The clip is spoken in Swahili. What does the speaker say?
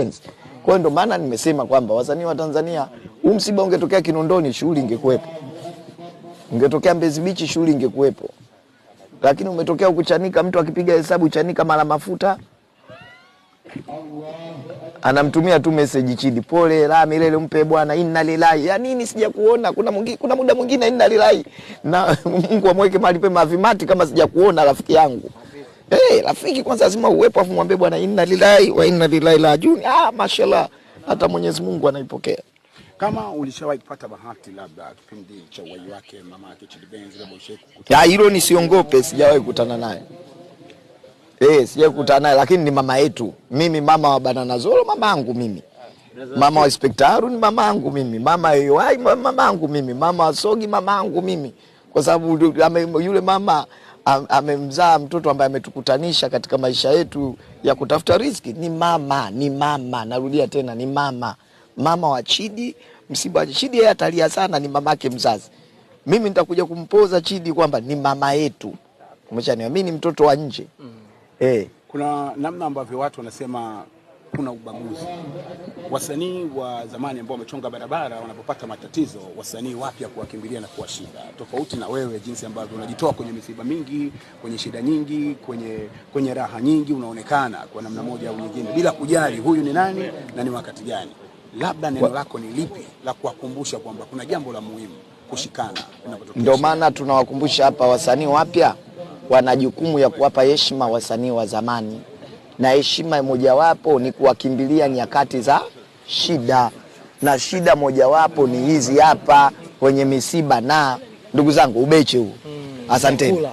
enzi. Kwa hiyo ndo maana nimesema kwamba wasanii wa Tanzania, huu msiba ungetokea Kinondoni, shughuli ingekuwepo, ungetokea Mbezi Beach, shughuli ingekuwepo, lakini umetokea huku Chanika. Mtu akipiga hesabu Chanika mara mafuta anamtumia tu message Chidi, pole la milele, mpe Bwana, inna lilahi. ya nini, sija kuona. Kuna mungi, kuna muda mwingine inna lilahi, na Mungu amweke mahali pema vimati, kama sija kuona rafiki yangu hey, rafiki kwanza lazima uwepo, afu mwambie bwana, inna lillahi wa inna ilaihi rajiun. Ah, mashallah, hata Mwenyezi Mungu anaipokea. Kama ulishawahi kupata bahati labda kipindi cha uhai wake mama yake Chidi Benz, labda kukutana? Ya hilo nisiongope, sijawahi kukutana naye eh, sijawahi kukutana naye, lakini ni mama yetu. Mimi mama wa Banana Zoro, mamangu mimi mama wa Inspekta Harun mamangu mimi, mama wa Yohai mamangu mimi, mama wa Sogi mamangu mimi kwa sababu yule mama amemzaa mtoto ambaye ametukutanisha katika maisha yetu ya kutafuta riziki. Ni mama, ni mama, narudia tena, ni mama, mama wa Chidi. Msiba wa Chidi yeye atalia sana, ni mamake mzazi. Mimi nitakuja kumpoza Chidi kwamba ni mama yetu, umeshaniwa. Mimi ni mtoto wa nje mm. eh. Kuna namna ambavyo watu wanasema kuna ubaguzi. Wasanii wa zamani ambao wamechonga barabara wanapopata matatizo, wasanii wapya kuwakimbilia na kuwashinda, tofauti na wewe, jinsi ambavyo unajitoa kwenye misiba mingi, kwenye shida nyingi, kwenye, kwenye raha nyingi, unaonekana kwa namna moja au nyingine, bila kujali huyu ni nani na ni wakati gani. Labda neno lako ni lipi la kuwakumbusha kwamba kuna jambo la muhimu kushikana? Ndio maana tunawakumbusha hapa, wasanii wapya wana jukumu ya kuwapa heshima wasanii wa zamani na heshima mojawapo ni kuwakimbilia nyakati za shida, na shida mojawapo ni hizi hapa kwenye misiba na ndugu zangu, ubeche huu. Mm. Asanteni.